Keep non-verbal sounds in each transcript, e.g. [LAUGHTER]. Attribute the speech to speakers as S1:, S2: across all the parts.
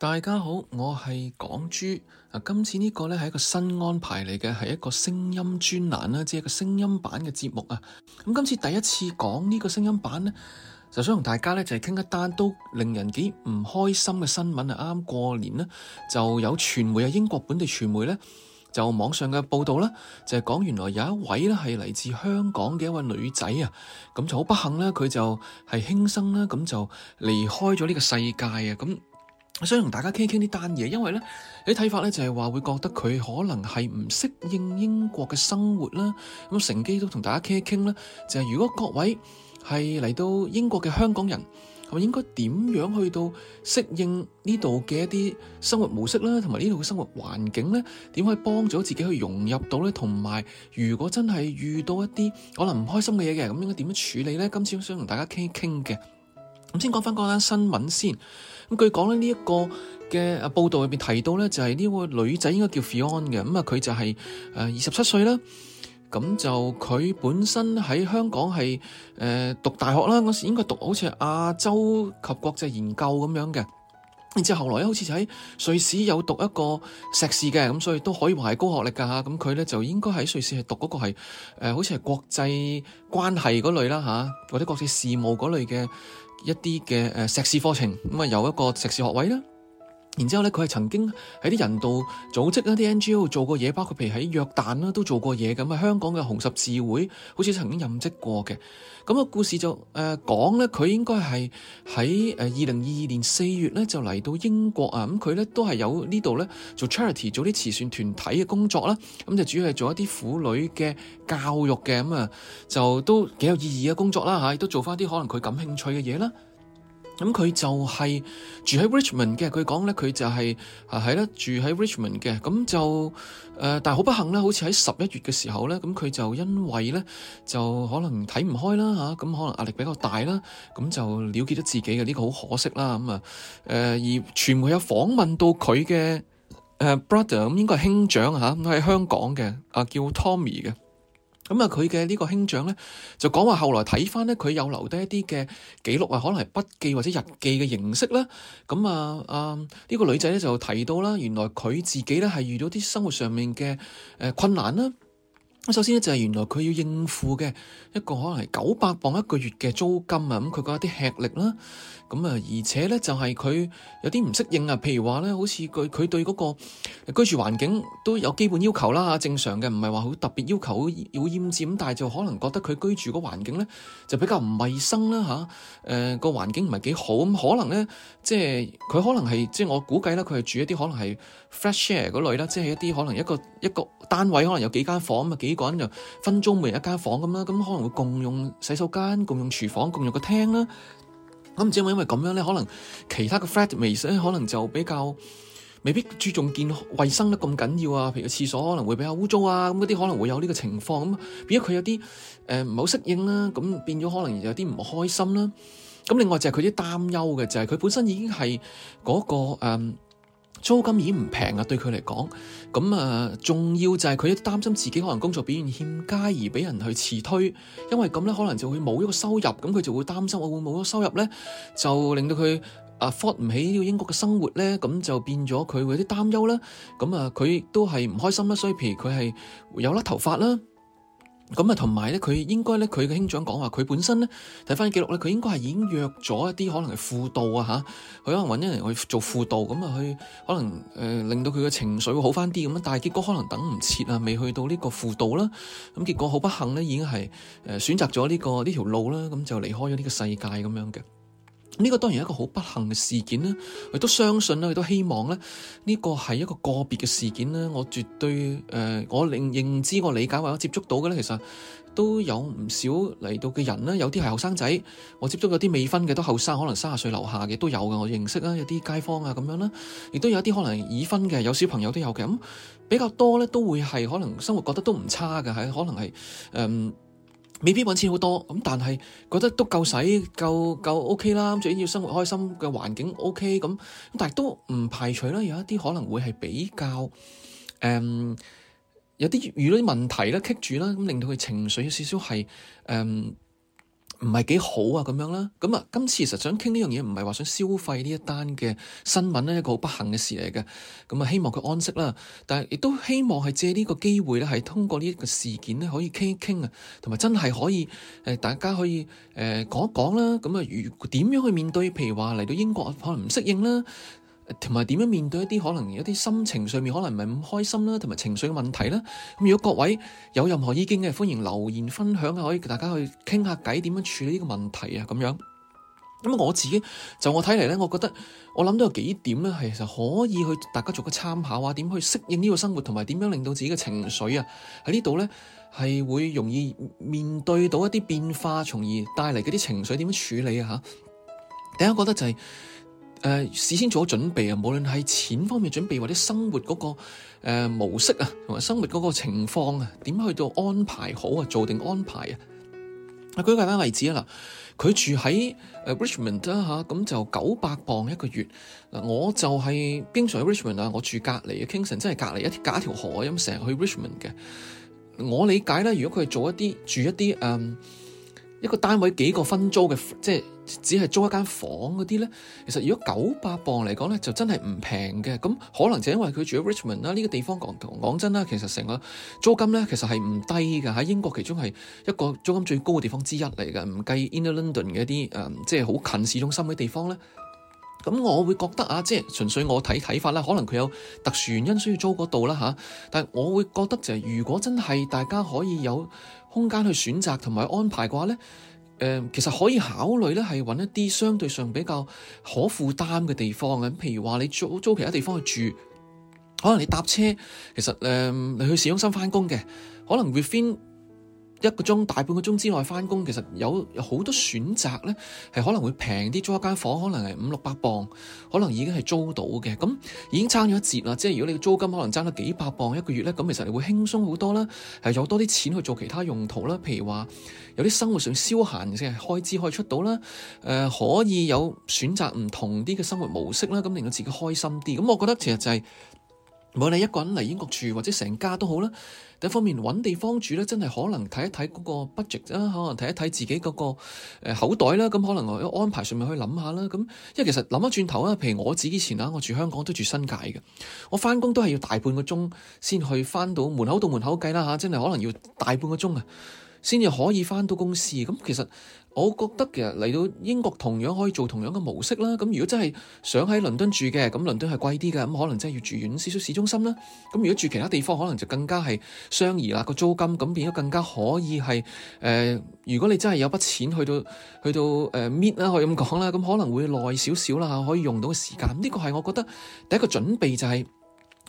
S1: 大家好，我係港豬。今次呢個咧係一個新安排嚟嘅，係一個聲音專欄啦，即係一個聲音版嘅節目啊。咁今次第一次講呢個聲音版呢，就想同大家咧就係傾一單都令人幾唔開心嘅新聞啊。啱啱過年呢，就有傳媒啊，英國本地傳媒呢，就網上嘅報道啦，就係講原來有一位咧係嚟自香港嘅一位女仔啊，咁就好不幸呢，佢就係輕生啦，咁就離開咗呢個世界啊，咁。我想同大家傾一傾呢單嘢，因為呢，你睇法呢就係話會覺得佢可能係唔適應英國嘅生活啦。咁乘機都同大家傾一傾啦，就係如果各位係嚟到英國嘅香港人，我應該點樣去到適應呢度嘅一啲生活模式啦，同埋呢度嘅生活環境呢？點可以幫助自己去融入到呢？同埋如果真係遇到一啲可能唔開心嘅嘢嘅，咁應該點樣處理呢？今次我想同大家傾一傾嘅。咁先講翻嗰單新聞先。咁據講呢一個嘅報道入邊提到咧，就係呢個女仔應該叫 Fiona 嘅，咁啊佢就係誒二十七歲啦，咁就佢本身喺香港係誒讀大學啦，嗰時應該讀好似亞洲及國際研究咁樣嘅。然之後來好似喺瑞士有讀一個碩士嘅，咁所以都可以話係高學歷㗎吓。咁佢咧就應該喺瑞士係讀嗰個係，誒、呃、好似係國際關係嗰類啦吓、啊，或者國際事務嗰類嘅一啲嘅誒碩士課程，咁啊有一個碩士學位啦。然之後咧，佢係曾經喺啲人道組織一啲 NGO 做過嘢，包括譬如喺約旦啦都做過嘢咁啊。香港嘅紅十字會好似曾經任職過嘅。咁、那、啊、個、故事就誒講咧，佢、呃、應該係喺誒二零二二年四月咧就嚟到英國啊。咁佢咧都係有呢度咧做 charity 做啲慈善團體嘅工作啦。咁、啊、就主要係做一啲婦女嘅教育嘅咁啊，就都幾有意義嘅工作啦嚇，啊、都做翻啲可能佢感興趣嘅嘢啦。啊咁佢就係住喺 Richmond 嘅。佢講咧，佢就係、是、啊，喺住喺 Richmond 嘅。咁就誒、呃，但係好不幸咧，好似喺十一月嘅時候咧，咁佢就因為咧就可能睇唔開啦嚇，咁、啊啊、可能壓力比較大啦，咁、啊、就了結咗自己嘅呢、這個好可惜啦。咁啊誒，而傳媒有訪問到佢嘅誒 brother 咁，應該係兄長嚇，佢、啊、喺香港嘅啊，叫 Tommy 嘅。咁啊，佢嘅呢個兄長咧，就講話後來睇翻咧，佢有留低一啲嘅記錄啊，可能係筆記或者日記嘅形式啦。咁啊啊，呢個女仔咧就提到啦，原來佢自己咧係遇到啲生活上面嘅誒困難啦。咁首先咧就係原來佢要應付嘅一個可能係九百磅一個月嘅租金啊，咁佢覺得啲吃力啦。咁啊，而且咧就係佢有啲唔適應啊，譬如話咧，好似佢佢對個居住環境都有基本要求啦，正常嘅，唔係話好特別要求好會厭尖，但係就可能覺得佢居住個環境咧就比較唔衞生啦嚇。誒個環境唔係幾好，咁可能咧即係佢可能係即係我估計咧，佢係住一啲可能係 flat share 嗰類啦，即係一啲可能一個一個單位可能有幾間房啊嘛幾。個人就分租每一間房咁啦，咁可能會共用洗手間、共用廚房、共用個廳啦。咁唔知係咪因為咁樣咧，可能其他嘅 flatmates，所以可能就比較未必注重健康衛生得咁緊要啊。譬如個廁所可能會比較污糟啊，咁嗰啲可能會有呢個情況。咁變咗佢有啲誒唔好適應啦，咁變咗可能就有啲唔開心啦。咁另外就係佢啲擔憂嘅，就係、是、佢本身已經係嗰、那個誒。呃租金已經唔平啊，對佢嚟講，咁啊，仲要就係佢一擔心自己可能工作表現欠佳而畀人去辭退，因為咁咧，可能就會冇一個收入，咁佢就會擔心我會冇咗收入咧，就令到佢啊 afford 唔起呢個英國嘅生活咧，咁就變咗佢會有啲擔憂啦，咁啊，佢都係唔開心啦，所以譬如佢係有甩頭髮啦。咁啊，同埋咧，佢應該咧，佢嘅兄長講話，佢本身咧睇翻記錄咧，佢應該係已經約咗一啲可能係輔導啊，嚇，佢可能揾一人去做輔導，咁啊，去可能誒、呃、令到佢嘅情緒會好翻啲咁啊，但係結果可能等唔切啊，未去到呢個輔導啦，咁、啊、結果好不幸咧，已經係誒、呃、選擇咗呢、呢個呢條路啦，咁、啊、就離開咗呢個世界咁樣嘅。呢個當然係一個好不幸嘅事件啦，我亦都相信啦，亦都希望咧，呢、這個係一個個別嘅事件啦。我絕對誒、呃，我認認知、我理解或者接觸到嘅咧，其實都有唔少嚟到嘅人啦。有啲係後生仔，我接觸到啲未婚嘅都後生，可能三十歲樓下嘅都有嘅。我認識啦，有啲街坊啊咁樣啦，亦都有啲可能已婚嘅，有小朋友都有嘅。咁、嗯、比較多咧，都會係可能生活覺得都唔差嘅，係可能係誒。嗯未必揾錢好多咁，但係覺得都夠使，夠夠 OK 啦。最緊要生活開心嘅環境 OK 咁，但係都唔排除啦，有一啲可能會係比較誒、呃，有啲遇到啲問題咧棘住啦，令到佢情緒有少少係誒。呃唔係幾好啊咁樣啦，咁啊今次其實想傾呢樣嘢，唔係話想消費呢一單嘅新聞咧，一個好不幸嘅事嚟嘅。咁 [NOISE] 啊樂，希望佢安息啦，但係亦都希望係借呢個機會咧，係通過呢一個事件咧，可以傾一傾啊，同埋真係可以誒，大家可以誒講一講啦。咁啊，如果點樣去面對？譬如話嚟到英國可能唔適應啦。 [MUSIC] 同埋點樣面對一啲可能一啲心情上面可能唔係咁開心啦，同埋情緒嘅問題啦。咁如果各位有任何意見嘅，歡迎留言分享啊，可以大家去傾下偈，點樣處理呢個問題啊？咁樣咁我自己就我睇嚟咧，我覺得我諗到有幾點咧，係其實可以去大家做個參考啊，點去適應呢個生活，同埋點樣令到自己嘅情緒啊喺呢度咧係會容易面對到一啲變化，從而帶嚟嗰啲情緒點樣處理啊？吓，第一我覺得就係。誒、呃、事先做咗準備啊，無論係錢方面準備或者生活嗰、那個、呃、模式啊，同埋生活嗰個情況啊，點去到安排好啊，做定安排啊。我舉個簡單例子 mond，啊，嗱、啊，佢住喺誒 Richmond 啦嚇，咁就九百鎊一個月。嗱，我就係經常喺 Richmond 啊，我住隔離嘅 Kingston，即係隔離隔一條河啊，咁成日去 Richmond 嘅。我理解咧，如果佢做一啲住一啲誒。嗯一個單位幾個分租嘅，即係只係租一間房嗰啲咧，其實如果九百磅嚟講咧，就真係唔平嘅。咁可能就因為佢住喺 Richmond 啦，呢個地方講講真啦，其實成個租金咧，其實係唔低嘅。喺英國其中係一個租金最高嘅地方之一嚟嘅，唔計 Inner London 嘅一啲誒、嗯，即係好近市中心嘅地方咧。咁我會覺得啊，即係純粹我睇睇法啦，可能佢有特殊原因需要租嗰度啦吓，但係我會覺得就係如果真係大家可以有空間去選擇同埋安排嘅話咧，誒、呃，其實可以考慮咧，係揾一啲相對上比較可負擔嘅地方啊。譬如話你租租其他地方去住，可能你搭車，其實誒、呃，你去市中心返工嘅，可能會一個鐘大半個鐘之內返工，其實有好多選擇呢，係可能會平啲租一間房，可能係五六百磅，可能已經係租到嘅。咁已經差咗一截啦，即係如果你嘅租金可能差咗幾百磅一個月呢，咁其實你會輕鬆好多啦，係有多啲錢去做其他用途啦，譬如話有啲生活上消閒嘅開支可以出到啦，誒、呃、可以有選擇唔同啲嘅生活模式啦，咁令到自己開心啲。咁我覺得其實就係、是。無論你一個人嚟英國住，或者成家都好啦。第一方面揾地方住咧，真係可能睇一睇嗰個 budget 啦，可能睇一睇自己嗰個口袋啦。咁可能我安排上面去諗下啦。咁因為其實諗一轉頭啊，譬如我自己以前啊，我住香港都住新界嘅，我翻工都係要大半個鐘先去翻到門口到門口計啦吓，真係可能要大半個鐘啊。先至可以翻到公司，咁其實我覺得其實嚟到英國同樣可以做同樣嘅模式啦。咁如果真係想喺倫敦住嘅，咁倫敦係貴啲嘅，咁可能真係要住遠少少市中心啦。咁如果住其他地方，可能就更加係相宜啦。個租金咁變咗更加可以係誒、呃，如果你真係有筆錢去到去到誒搣啦，呃、meet, 可以咁講啦，咁可能會耐少少啦，可以用到嘅時間。呢、這個係我覺得第一個準備就係、是。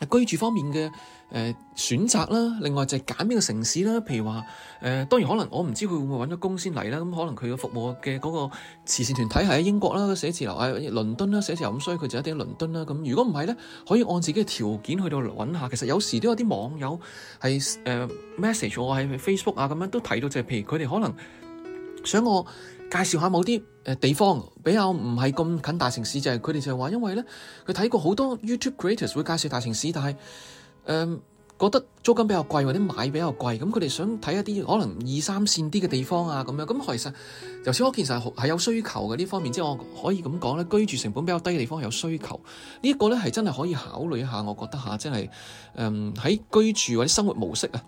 S1: 居住方面嘅誒、呃、選擇啦，另外就係揀邊個城市啦。譬如話誒、呃，當然可能我唔知佢會唔會揾咗工先嚟啦。咁可能佢嘅服務嘅嗰個慈善團體係喺英國啦，寫字樓喺、啊、倫敦啦，寫字樓咁，所以佢就一定喺啲倫敦啦。咁如果唔係咧，可以按自己嘅條件去到揾下。其實有時都有啲網友係誒、呃、message 我喺 Facebook 啊咁樣都睇到，就係、是、譬如佢哋可能想我。介紹下某啲誒地方比較唔係咁近大城市，就係佢哋就係話，因為咧佢睇過好多 YouTube creators 會介紹大城市，但係誒、呃、覺得租金比較貴或者買比較貴，咁佢哋想睇一啲可能二三線啲嘅地方啊咁樣。咁其實，頭先我其實係有需求嘅呢方面，即、就、係、是、我可以咁講咧，居住成本比較低嘅地方有需求，這個、呢一個咧係真係可以考慮一下。我覺得吓，即係誒喺居住或者生活模式啊。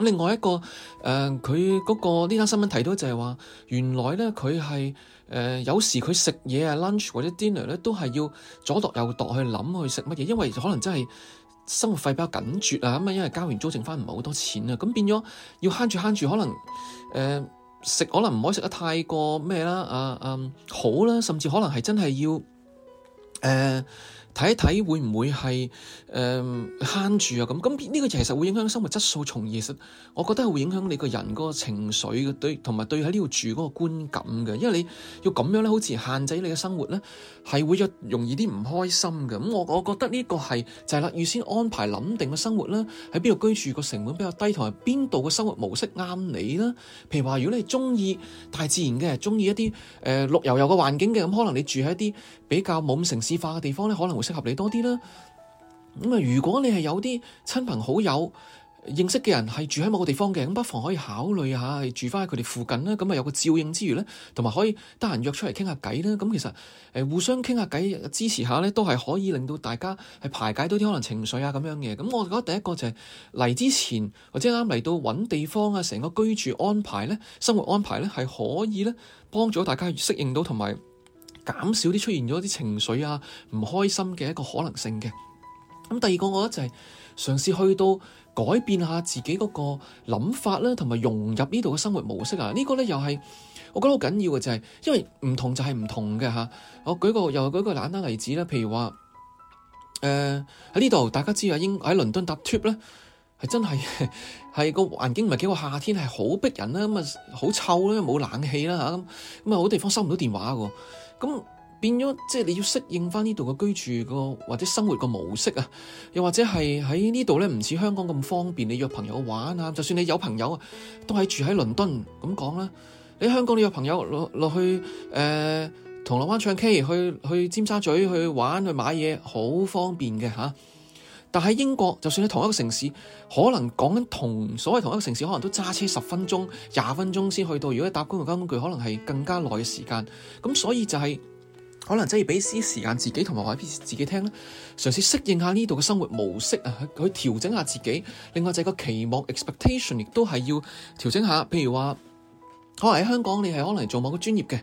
S1: 另外一個誒，佢、呃、嗰、那個呢單新聞提到就係話，原來呢佢係誒有時佢食嘢啊 lunch 或者 dinner 呢都係要左度右度去諗去食乜嘢，因為可能真係生活費比較緊絀啊，咁啊因為交完租剩返唔係好多錢啊，咁變咗要慳住慳住，可能誒、呃、食可能唔可以食得太過咩啦，啊、呃、啊、嗯、好啦，甚至可能係真係要誒。呃睇一睇會唔會係誒慳住啊，咁咁呢個其實會影響生活質素，從而其實我覺得係會影響你個人個情緒嘅對同埋對喺呢度住個觀感嘅，因為你要咁樣咧，好似限制你嘅生活咧，係會有容易啲唔開心嘅。咁、嗯、我我覺得呢個係就係、是、啦，預先安排諗定嘅生活啦，喺邊度居住個成本比較低，同埋邊度嘅生活模式啱你啦。譬如話如果你係中意大自然嘅，中意一啲誒、呃、綠油油嘅環境嘅，咁、嗯、可能你住喺一啲比較冇咁城市化嘅地方咧，可能會。適合你多啲啦。咁啊，如果你係有啲親朋好友認識嘅人係住喺某個地方嘅，咁不妨可以考慮下住翻喺佢哋附近啦。咁啊，有個照應之餘咧，同埋可以得閒約出嚟傾下偈啦。咁其實誒，互相傾下偈，支持下咧，都係可以令到大家係排解到啲可能情緒啊咁樣嘅。咁我覺得第一個就係嚟之前或者啱嚟到搵地方啊，成個居住安排咧，生活安排咧，係可以咧幫助大家適應到同埋。減少啲出現咗啲情緒啊，唔開心嘅一個可能性嘅。咁第二個我覺得就係嘗試去到改變下自己嗰個諗法啦，同埋融入呢度嘅生活模式啊。呢個咧又係我覺得好緊要嘅，就係因為唔同就係唔同嘅嚇。我舉個又舉個簡單例子啦，譬如話誒喺呢度，大家知阿英喺倫敦搭 tube 咧，係真係係個環境唔係幾個夏天係好逼人啦，咁啊好臭啦，冇冷氣啦嚇，咁咁啊好多地方收唔到電話喎。咁變咗，即、就、係、是、你要適應返呢度嘅居住嘅或者生活嘅模式啊，又或者係喺呢度呢唔似香港咁方便，你約朋友玩吓，就算你有朋友都係住喺倫敦咁講啦。你喺香港你約朋友落去誒、呃、銅鑼灣唱 K，去，去尖沙咀去玩去買嘢，好方便嘅。但喺英國，就算喺同一個城市，可能講緊同所謂同一個城市，可能都揸車十分鐘、廿分鐘先去到。如果搭公共交通工具，可能係更加耐嘅時間。咁所以就係、是、可能真係畀啲時間自己，同埋話俾自己聽啦，嘗試適應下呢度嘅生活模式啊，去去調整下自己。另外就係個期望 expectation，亦都係要調整下。譬如話，可能喺香港，你係可能做某個專業嘅，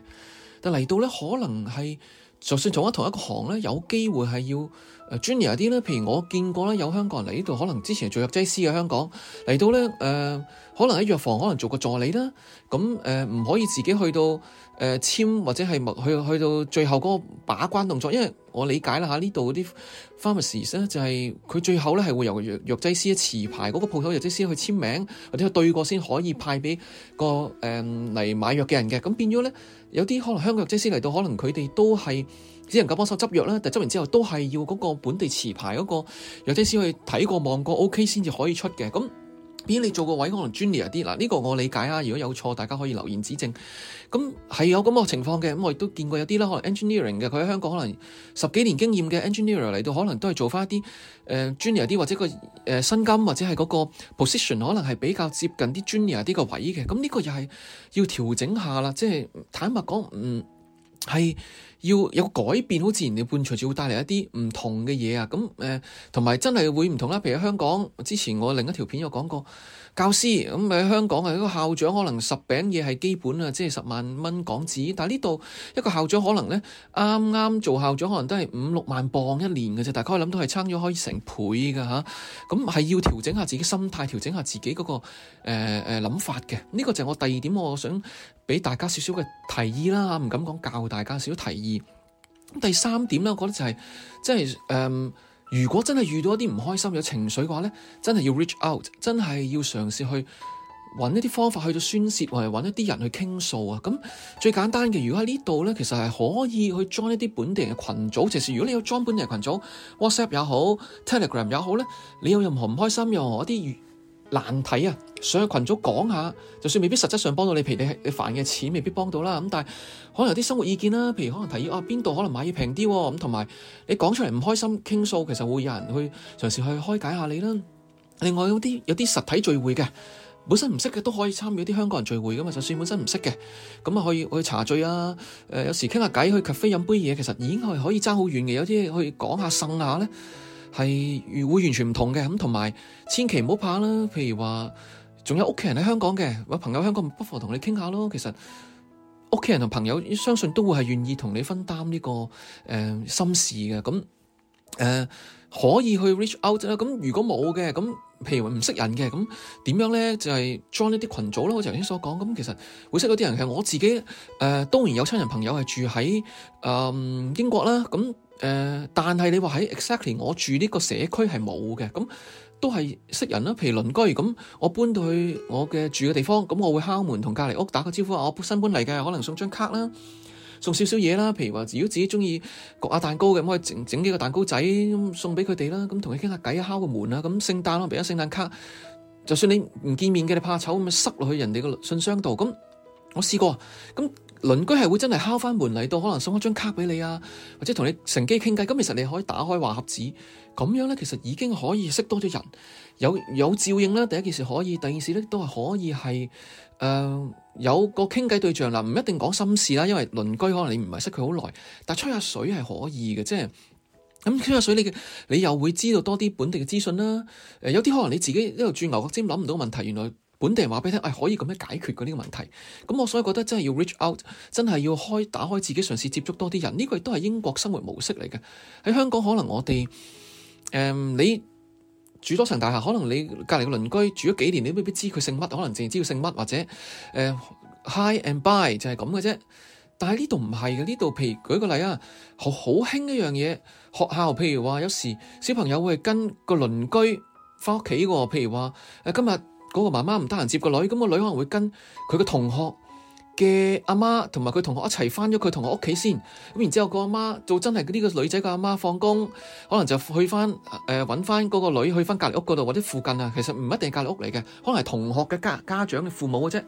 S1: 但嚟到咧，可能係。就算做喺同一個行咧，有機會係要呃 junior 啲咧。譬如我見過咧，有香港人嚟呢度，可能之前做藥劑師嘅香港嚟到咧，誒、呃、可能喺藥房可能做個助理啦。咁誒唔可以自己去到誒、呃、簽或者係去去到最後嗰個把關動作，因為我理解啦嚇，呢度啲 pharmacist 咧就係、是、佢最後咧係會由藥藥劑師持牌嗰個鋪頭藥劑師去簽名或者對過先可以派俾、那個誒嚟、呃、買藥嘅人嘅。咁變咗咧。有啲可能香港藥劑師嚟到，可能佢哋都係只能夠幫手執藥啦，但執完之後都係要嗰個本地持牌嗰個藥劑師去睇過、望過 OK 先至可以出嘅，咁。比如，你做個位可能 junior 啲，嗱、這、呢個我理解啊。如果有錯，大家可以留言指正。咁、嗯、係有咁個情況嘅，咁、嗯、我亦都見過有啲啦，可能 engineering 嘅，佢喺香港可能十幾年經驗嘅 engineer 嚟到，可能都係做翻一啲誒 junior 啲，或者個誒薪金或者係嗰個 position 可能係比較接近啲 junior 啲個位嘅。咁呢個又係要調整下啦，即係坦白講，唔、嗯。係要有改變，好自然隨，你伴隨住會帶嚟一啲唔同嘅嘢啊！咁誒，同埋真係會唔同啦。譬如香港之前，我另一條片有講過教師咁喺、嗯、香港係一個校長，可能十餅嘢係基本啊，即係十萬蚊港紙。但係呢度一個校長可能咧，啱啱做校長可能都係五六萬磅一年嘅啫。大家可以諗到係差咗可以成倍噶吓，咁、啊、係要調整下自己心態，調整下自己嗰個誒誒諗法嘅。呢個就係我第二點，我想俾大家少少嘅提議啦。唔敢講教。大家少提議。咁第三點咧，我覺得就係、是，即係誒，如果真係遇到一啲唔開心有情緒嘅話咧，真係要 reach out，真係要嘗試去揾一啲方法去到宣泄，或者揾一啲人去傾訴啊。咁最簡單嘅，如果喺呢度咧，其實係可以去 join 一啲本地人嘅群組。其實如果你有 join 本地人群組，WhatsApp 也好，Telegram 也好咧，你有任何唔開心，有任何一啲。難睇啊！上去群組講下，就算未必實質上幫到你，譬如你你煩嘅錢，未必幫到啦。咁但係可能有啲生活意見啦，譬如可能提議啊，邊度可能買嘢平啲喎，咁，同埋你講出嚟唔開心傾訴，其實會有人去嘗試去開解下你啦。另外有啲有啲實體聚會嘅，本身唔識嘅都可以參與啲香港人聚會㗎嘛，就算本身唔識嘅，咁啊可以去茶聚啊，誒有時傾下偈，去咖啡飲杯嘢，其實已經係可以爭好遠嘅，有啲嘢可以講下，呻下咧。係會完全唔同嘅，咁同埋千祈唔好怕啦。譬如話，仲有屋企人喺香港嘅，或朋友香港，不妨同你傾下咯。其實屋企人同朋友相信都會係願意同你分擔呢、這個誒、呃、心事嘅。咁誒、呃、可以去 reach out 啦。咁如果冇嘅，咁譬如話唔識人嘅，咁點樣咧？就係、是、join 一啲群組啦。我頭先所講咁，其實會識嗰啲人係我自己誒、呃。當然有親人朋友係住喺誒、呃、英國啦。咁誒、呃，但係你話喺 exactly，我住呢個社區係冇嘅，咁、嗯、都係識人啦，譬如鄰居咁、嗯，我搬到去我嘅住嘅地方，咁、嗯、我會敲門同隔籬屋打個招呼，我新搬嚟嘅，可能送張卡啦，送少少嘢啦，譬如話如果自己中意焗下蛋糕嘅，咁、嗯、可以整整幾個蛋糕仔，嗯、送俾佢哋啦，咁同佢傾下偈，敲個門啊，咁聖誕咯，俾咗聖誕卡，就算你唔見面嘅，你怕醜咁，塞落去人哋嘅信箱度，咁、嗯、我試過，咁、嗯。嗯鄰居係會真係敲翻門嚟到，可能送一張卡畀你啊，或者同你乘機傾偈。咁其實你可以打開話匣子，咁樣咧其實已經可以識多咗人，有有照應啦。第一件事可以，第二件事咧都係可以係誒、呃、有個傾偈對象啦。唔一定講心事啦，因為鄰居可能你唔係識佢好耐，但吹下水係可以嘅，即係咁吹下水你，你嘅你又會知道多啲本地嘅資訊啦。誒、呃、有啲可能你自己一路轉牛角尖，諗唔到問題，原來。本地人話畀你聽，哎，可以咁樣解決嘅呢個問題。咁我所以覺得真係要 reach out，真係要開打開自己，嘗試接觸多啲人。呢個亦都係英國生活模式嚟嘅。喺香港可能我哋誒、呃，你住多層大廈，可能你隔籬嘅鄰居住咗幾年，你未必知佢姓乜，可能淨係知道姓乜或者誒、呃、，hi and bye 就係咁嘅啫。但係呢度唔係嘅，呢度譬如舉個例啊，好好興一樣嘢，學校譬如話有時小朋友會跟個鄰居翻屋企嘅，譬如話今日。嗰個媽媽唔得閒接個女，咁個女可能會跟佢個同學嘅阿媽，同埋佢同學一齊翻咗佢同學屋企先。咁然之後個阿媽做真係呢個女仔嘅阿媽，放工可能就去翻誒，揾翻嗰個女去翻隔籬屋嗰度或者附近啊。其實唔一定係隔籬屋嚟嘅，可能係同學嘅家家長嘅父母嘅啫。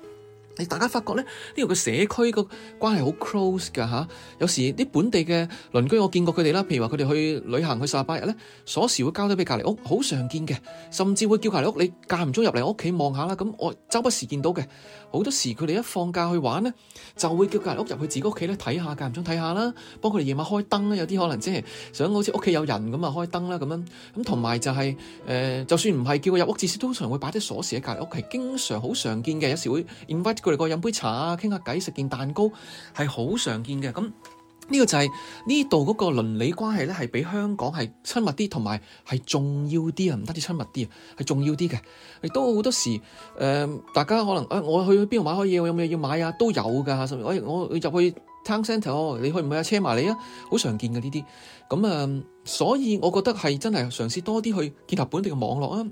S1: 大家發覺呢，呢個個社區個關係好 close 㗎嚇。有時啲本地嘅鄰居，我見過佢哋啦。譬如話佢哋去旅行去十八日咧，鎖匙會交低俾隔離屋，好常見嘅。甚至會叫隔離屋，你間唔中入嚟我屋企望下啦。咁我周不時見到嘅，好多時佢哋一放假去玩呢，就會叫隔離屋入去自己屋企睇下，間唔中睇下啦。幫佢哋夜晚開燈咧，有啲可能即係想好似屋企有人咁啊，開燈啦咁樣。咁同埋就係、是、誒、呃，就算唔係叫佢入屋，至少通常會擺啲鎖匙喺隔離屋，係經常好常見嘅。有時會 invite 佢嚟過飲杯茶啊，傾下偈，食件蛋糕係好常見嘅。咁呢、這個就係呢度嗰個鄰里關係咧，係比香港係親密啲，同埋係重要啲啊，唔得啲親密啲啊，係重要啲嘅。亦都好多時誒、呃，大家可能誒、哎，我去去邊度買開嘢，我有冇嘢要買啊？都有噶。甚至我，我入去 town centre，你去唔去啊？車埋你啊，好常見嘅呢啲咁啊。所以我覺得係真係嘗試多啲去建立本地嘅網絡啊，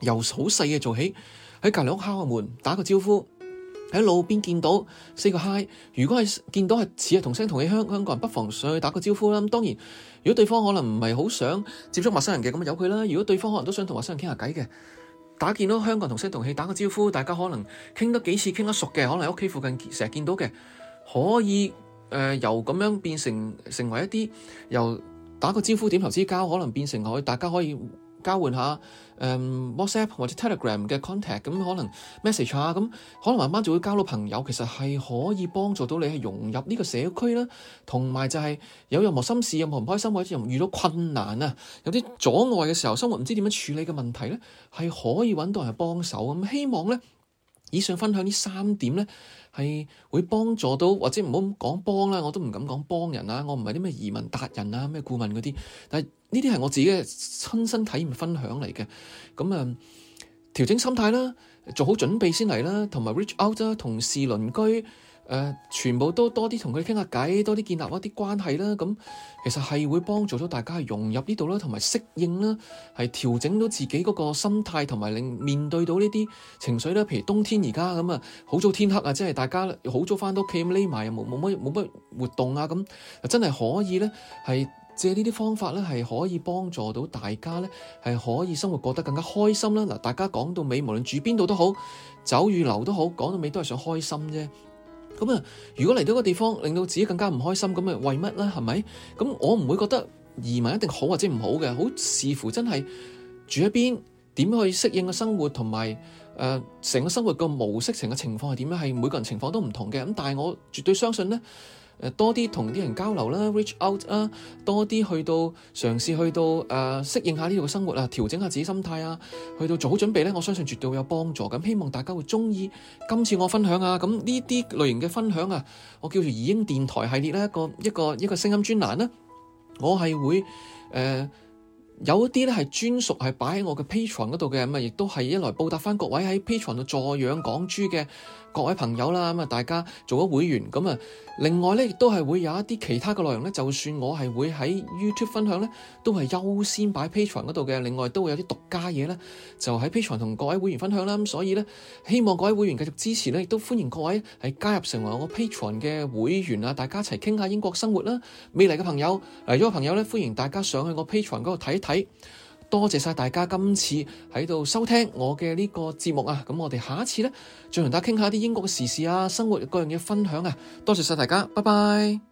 S1: 由好細嘅做起，喺隔籬屋敲下門，打個招呼。喺路邊見到四個嗨，如果係見到係似係同聲同氣香香港人，不妨上去打個招呼啦。咁當然，如果對方可能唔係好想接觸陌生人嘅，咁啊由佢啦。如果對方可能都想同陌生人傾下偈嘅，大家見到香港人同聲同氣打個招呼，大家可能傾得幾次傾得熟嘅，可能喺屋企附近成日見到嘅，可以誒、呃、由咁樣變成成為一啲由打個招呼點頭之交，可能變成可以大家可以。交換下誒、um, WhatsApp 或者 Telegram 嘅 contact，咁可能 message 啊，咁可能慢慢就會交到朋友。其實係可以幫助到你係融入呢個社區啦，同埋就係有任何心事、任何唔開心或者又遇到困難啊，有啲阻礙嘅時候，生活唔知點樣處理嘅問題咧，係可以揾到人幫手咁。希望咧。以上分享呢三點呢，係會幫助到，或者唔好講幫啦，我都唔敢講幫人啦，我唔係啲咩移民達人啊，咩顧問嗰啲，但係呢啲係我自己嘅親身體驗分享嚟嘅，咁啊調整心態啦，做好準備先嚟啦，同埋 reach out 啦，同事鄰居。誒、呃，全部都多啲同佢傾下偈，多啲建立一啲關係啦。咁、嗯、其實係會幫助到大家融入呢度啦，同埋適應啦，係調整到自己嗰個心態，同埋令面對到呢啲情緒咧。譬如冬天而家咁啊，好、嗯、早天黑啊，即係大家好早翻到屋企咁匿埋，有冇冇乜冇乜活動啊？咁、嗯嗯、真係可以咧，係借呢啲方法咧，係可以幫助到大家咧，係可以生活過得更加開心啦。嗱、嗯，大家講到尾，無論住邊度都好，走與留都好，講到尾都係想開心啫。咁啊！如果嚟到一個地方，令到自己更加唔開心，咁咪為乜咧？係咪？咁我唔會覺得移民一定好或者唔好嘅，好視乎真係住一邊點去適應生、呃、個生活，同埋誒成個生活個模式，成個情況係點咧？係每個人情況都唔同嘅。咁但係我絕對相信咧。多啲同啲人交流啦，reach out 啊，多啲去到嘗試去到誒、呃、適應下呢度嘅生活啊，調整下自己心態啊，去到做好準備咧，我相信絕對會有幫助。咁希望大家會鍾意今次我分享啊，咁呢啲類型嘅分享啊，我叫做移英電台系列咧，一個一個一個聲音專欄啦。我係會誒。呃有一啲咧係專屬係擺喺我嘅 Patreon 嗰度嘅，咁啊，亦都係一來報答返各位喺 Patreon 度助養港豬嘅各位朋友啦，咁啊，大家做咗會員，咁啊，另外咧亦都係會有一啲其他嘅內容咧，就算我係會喺 YouTube 分享咧，都係優先擺 Patreon 嗰度嘅，另外都會有啲獨家嘢咧，就喺 Patreon 同各位會員分享啦，咁所以呢，希望各位會員繼續支持呢，亦都歡迎各位係加入成為我嘅 Patreon 嘅會員啊，大家一齊傾下英國生活啦。未嚟嘅朋友、嚟咗嘅朋友咧，歡迎大家上去我 Patreon 嗰度睇睇。多謝晒大家今次喺度收聽我嘅呢個節目啊，咁我哋下，下一次咧再同大家傾下啲英國嘅時事啊，生活各樣嘅分享啊，多謝晒大家，拜拜。